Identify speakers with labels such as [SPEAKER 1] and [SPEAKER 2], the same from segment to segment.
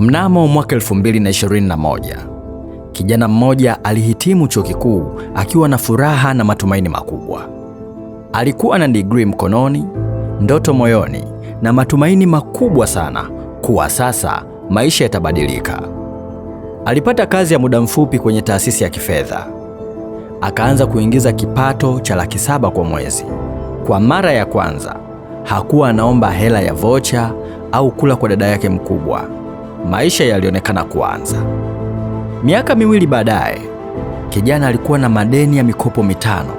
[SPEAKER 1] Mnamo mwaka 2021 kijana mmoja alihitimu chuo kikuu akiwa na furaha na matumaini makubwa. Alikuwa na degree mkononi, ndoto moyoni na matumaini makubwa sana kuwa sasa maisha yatabadilika. Alipata kazi ya muda mfupi kwenye taasisi ya kifedha, akaanza kuingiza kipato cha laki saba kwa mwezi. Kwa mara ya kwanza hakuwa anaomba hela ya vocha au kula kwa dada yake mkubwa maisha yalionekana kuanza. Miaka miwili baadaye, kijana alikuwa na madeni ya mikopo mitano,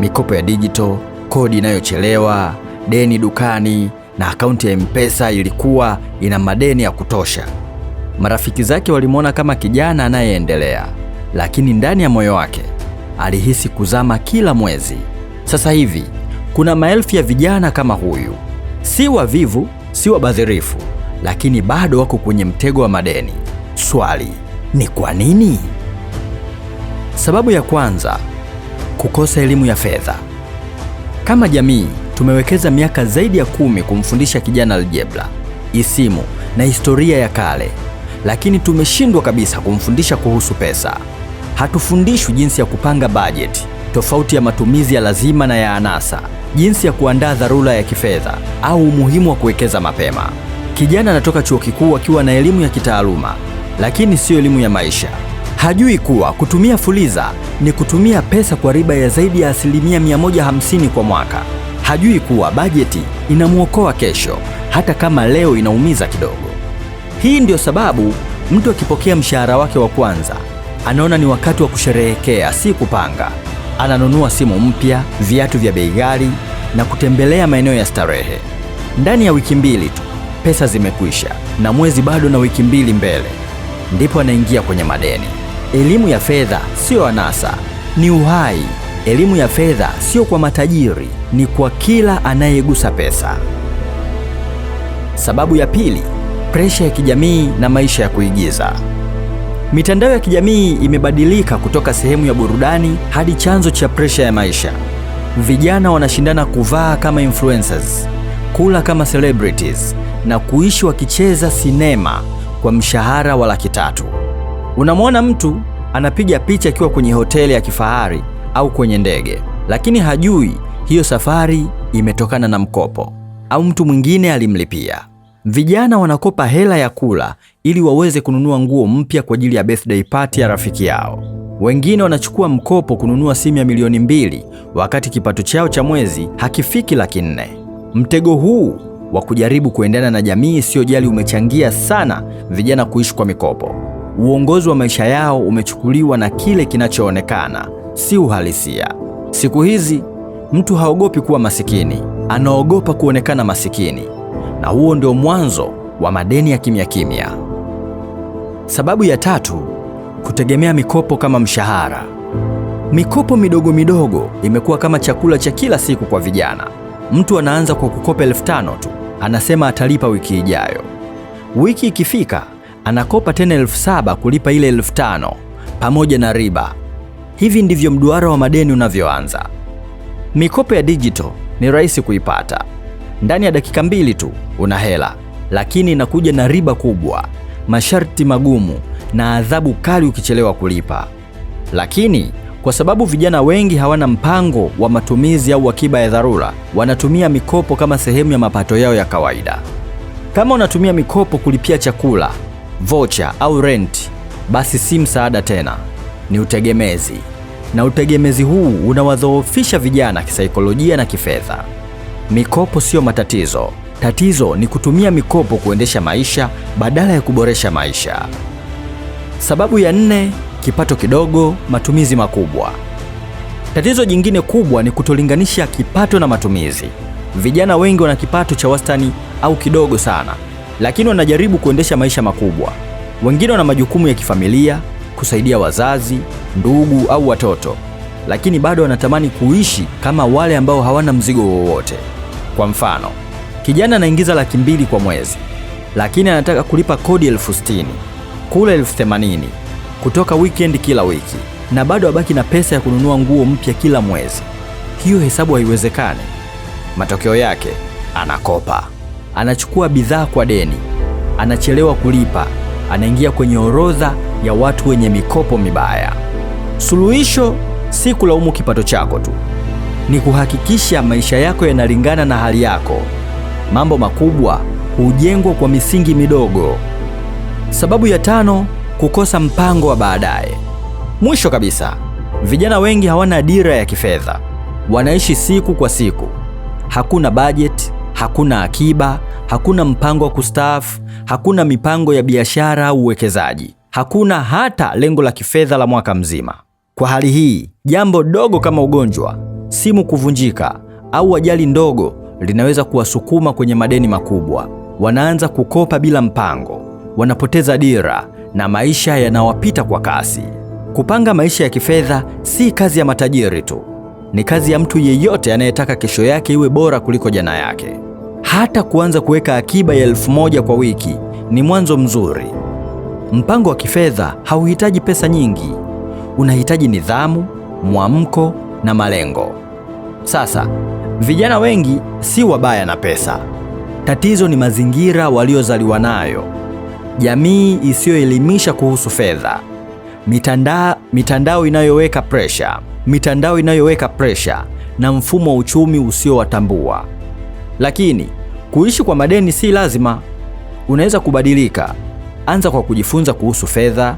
[SPEAKER 1] mikopo ya digital, kodi inayochelewa, deni dukani na akaunti ya M-Pesa ilikuwa ina madeni ya kutosha. Marafiki zake walimwona kama kijana anayeendelea, lakini ndani ya moyo wake alihisi kuzama kila mwezi. Sasa hivi kuna maelfu ya vijana kama huyu, si wavivu, si wabadhirifu, lakini bado wako kwenye mtego wa madeni. Swali ni kwa nini? Sababu ya kwanza, kukosa elimu ya fedha. Kama jamii tumewekeza miaka zaidi ya kumi kumfundisha kijana aljebra, isimu na historia ya kale, lakini tumeshindwa kabisa kumfundisha kuhusu pesa. Hatufundishwi jinsi ya kupanga bajeti, tofauti ya matumizi ya lazima na ya anasa, jinsi ya kuandaa dharura ya kifedha au umuhimu wa kuwekeza mapema. Kijana anatoka chuo kikuu akiwa na elimu ya kitaaluma, lakini siyo elimu ya maisha. Hajui kuwa kutumia fuliza ni kutumia pesa kwa riba ya zaidi ya asilimia 150 kwa mwaka. Hajui kuwa bajeti inamwokoa kesho, hata kama leo inaumiza kidogo. Hii ndio sababu mtu akipokea mshahara wake wa kwanza anaona ni wakati wa kusherehekea, si kupanga. Ananunua simu mpya, viatu vya bei ghali na kutembelea maeneo ya starehe. Ndani ya wiki mbili tu pesa zimekwisha na mwezi bado na wiki mbili mbele, ndipo anaingia kwenye madeni. Elimu ya fedha siyo anasa, ni uhai. Elimu ya fedha sio kwa matajiri, ni kwa kila anayegusa pesa. Sababu ya pili, presha ya kijamii na maisha ya kuigiza. Mitandao ya kijamii imebadilika kutoka sehemu ya burudani hadi chanzo cha presha ya maisha. Vijana wanashindana kuvaa kama influencers, kula kama celebrities na kuishi wakicheza sinema kwa mshahara wa laki tatu. Unamwona mtu anapiga picha akiwa kwenye hoteli ya kifahari au kwenye ndege, lakini hajui hiyo safari imetokana na mkopo au mtu mwingine alimlipia. Vijana wanakopa hela ya kula ili waweze kununua nguo mpya kwa ajili ya birthday party ya rafiki yao. Wengine wanachukua mkopo kununua simu ya milioni mbili wakati kipato chao cha mwezi hakifiki laki nne. Mtego huu wa kujaribu kuendana na jamii isiyojali umechangia sana vijana kuishi kwa mikopo. Uongozi wa maisha yao umechukuliwa na kile kinachoonekana, si uhalisia. Siku hizi mtu haogopi kuwa masikini, anaogopa kuonekana masikini, na huo ndio mwanzo wa madeni ya kimya kimya. Sababu ya tatu, kutegemea mikopo kama mshahara. Mikopo midogo midogo imekuwa kama chakula cha kila siku kwa vijana. Mtu anaanza kwa kukopa elfu tano tu, anasema atalipa wiki ijayo. Wiki ikifika, anakopa tena elfu saba kulipa ile elfu tano pamoja na riba. Hivi ndivyo mduara wa madeni unavyoanza. Mikopo ya digital ni rahisi kuipata, ndani ya dakika mbili tu una hela, lakini inakuja na riba kubwa, masharti magumu na adhabu kali ukichelewa kulipa. Lakini kwa sababu vijana wengi hawana mpango wa matumizi au akiba ya dharura, wanatumia mikopo kama sehemu ya mapato yao ya kawaida. Kama unatumia mikopo kulipia chakula, vocha au renti, basi si msaada tena, ni utegemezi, na utegemezi huu unawadhoofisha vijana kisaikolojia na kifedha. Mikopo siyo matatizo. Tatizo ni kutumia mikopo kuendesha maisha badala ya kuboresha maisha. Sababu ya nne kipato kidogo, matumizi makubwa. Tatizo jingine kubwa ni kutolinganisha kipato na matumizi. Vijana wengi wana kipato cha wastani au kidogo sana, lakini wanajaribu kuendesha maisha makubwa. Wengine wana majukumu ya kifamilia, kusaidia wazazi, ndugu au watoto, lakini bado wanatamani kuishi kama wale ambao hawana mzigo wowote. Kwa mfano, kijana anaingiza laki mbili kwa mwezi, lakini anataka kulipa kodi elfu sitini, kula elfu themanini kutoka weekend kila wiki na bado abaki na pesa ya kununua nguo mpya kila mwezi. Hiyo hesabu haiwezekani. Matokeo yake anakopa, anachukua bidhaa kwa deni, anachelewa kulipa, anaingia kwenye orodha ya watu wenye mikopo mibaya. Suluhisho si kulaumu kipato chako tu, ni kuhakikisha maisha yako yanalingana na hali yako. Mambo makubwa hujengwa kwa misingi midogo. Sababu ya tano kukosa mpango wa baadaye. Mwisho kabisa, vijana wengi hawana dira ya kifedha, wanaishi siku kwa siku. Hakuna budget, hakuna akiba, hakuna mpango wa kustaafu, hakuna mipango ya biashara au uwekezaji, hakuna hata lengo la kifedha la mwaka mzima. Kwa hali hii, jambo dogo kama ugonjwa, simu kuvunjika au ajali ndogo linaweza kuwasukuma kwenye madeni makubwa. Wanaanza kukopa bila mpango, wanapoteza dira na maisha yanawapita kwa kasi. Kupanga maisha ya kifedha si kazi ya matajiri tu, ni kazi ya mtu yeyote anayetaka kesho yake iwe bora kuliko jana yake. Hata kuanza kuweka akiba ya elfu moja kwa wiki ni mwanzo mzuri. Mpango wa kifedha hauhitaji pesa nyingi, unahitaji nidhamu, mwamko na malengo. Sasa vijana wengi si wabaya na pesa, tatizo ni mazingira waliozaliwa nayo jamii isiyoelimisha kuhusu fedha, mitandao mitandao inayoweka presha, mitandao inayoweka presha na mfumo wa uchumi usiowatambua. Lakini kuishi kwa madeni si lazima. Unaweza kubadilika. Anza kwa kujifunza kuhusu fedha,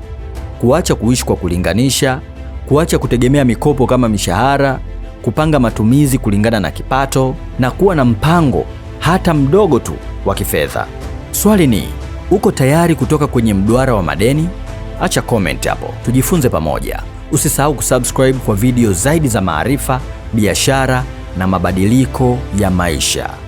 [SPEAKER 1] kuacha kuishi kwa kulinganisha, kuacha kutegemea mikopo kama mishahara, kupanga matumizi kulingana na kipato na kuwa na mpango hata mdogo tu wa kifedha. Swali ni Uko tayari kutoka kwenye mduara wa madeni? Acha comment hapo, tujifunze pamoja. Usisahau kusubscribe kwa video zaidi za maarifa, biashara na mabadiliko ya maisha.